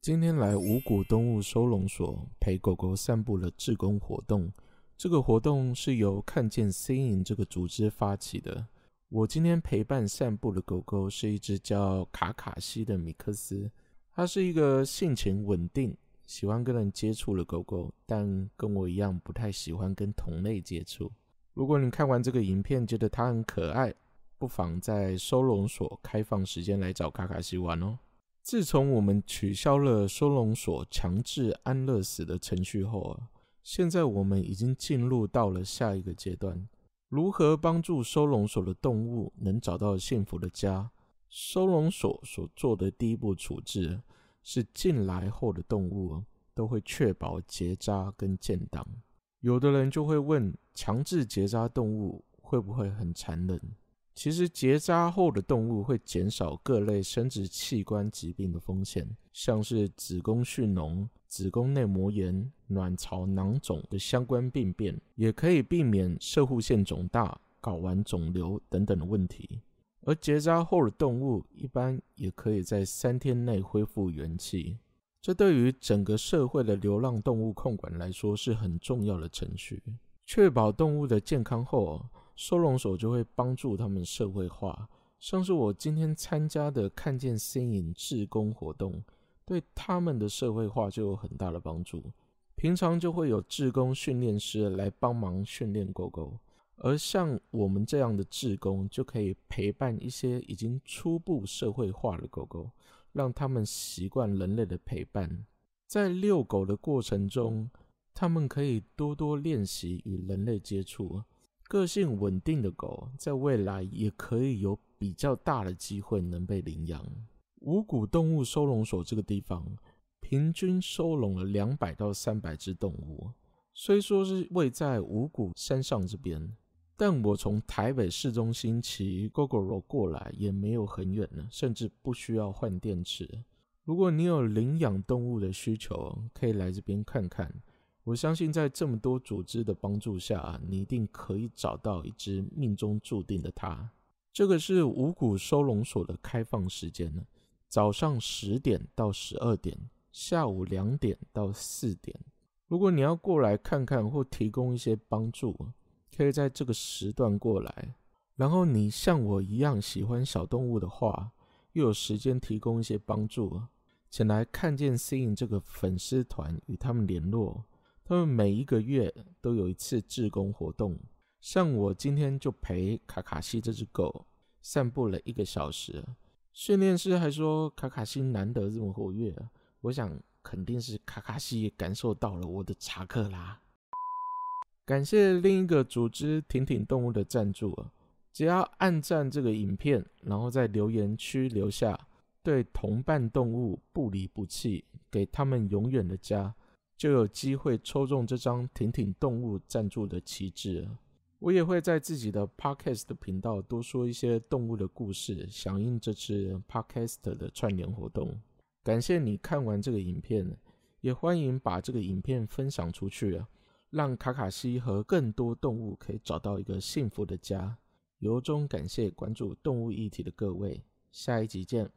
今天來五股動物收容所陪狗狗散步的志工活動，這個活動是由看見 Seeing 這個組織發起的。我今天陪伴散步的狗狗是一隻叫卡卡西的米克斯，它是一個性情穩定、喜歡跟人接觸的狗狗，但跟我一樣不太喜歡跟同類接觸。如果你看完這個影片覺得它很可愛，不妨在收容所開放時間來找卡卡西玩哦。自從我們取消了收容所強制安樂死的程序後啊，現在我們已經進入到了下一個階段，如何幫助收容所的動物能找到幸福的家？收容所所做的第一步處置是進來後的動物都會確保結紮跟建檔。有的人就會問，強制結紮動物會不會很殘忍？其實結紮後的動物會減少各類生殖器官疾病的風險，像是子宮蓄膿、子宮內膜炎、卵巢囊腫的相關病變，也可以避免攝護腺腫大、睾丸腫瘤等等的問題。而結紮後的動物一般也可以在三天內恢復元氣，這對於整個社會的流浪動物控管來說是很重要的程序，確保動物的健康後。收容所就會幫助他們社會化，像是我今天參加的看見 Seeing 志工活動，對他們的社會化就有很大的幫助。平常就會有志工訓練師來幫忙訓練狗狗，而像我們這樣的志工就可以陪伴一些已經初步社會化的狗狗，讓他們習慣人類的陪伴。在遛狗的過程中，他們可以多多練習與人類接觸。個性穩定的狗，在未來也可以有比較大的機會能被領養。五股動物收容所這個地方，平均收容了兩百到三百隻動物。雖說是位在五股山上這邊，但我從台北市中心騎 Gogoro 過來也沒有很遠呢，甚至不需要換電池。如果你有領養動物的需求，可以來這邊看看。我相信在這麼多組織的幫助下啊，你一定可以找到一隻命中注定的它。這個是五股收容所的開放時間呢，早上十點到十二點，下午兩點到四點。如果你要過來看看或提供一些幫助，可以在這個時段過來。然後你像我一樣喜歡小動物的話，又有時間提供一些幫助，請來看見 Seeing 這個粉絲團與他們聯絡。他們每一個月都有一次志工活動，像我今天就陪卡卡西這隻狗散步了一個小時。訓練師還說卡卡西難得這麼活躍，我想肯定是卡卡西也感受到了我的查克拉。感謝另一個組織“挺挺動物”的贊助，只要按讚這個影片，然後在留言區留下“對同伴動物不離不棄，給他們永遠的家”。就有機會抽中這張挺挺動物贊助的旗幟。我也會在自己的 podcast 頻道多說一些動物的故事，響應這次 podcast 的串聯活動。感謝你看完這個影片，也歡迎把這個影片分享出去，讓卡卡西和更多動物可以找到一個幸福的家。由衷感謝關注動物議題的各位，下一集見。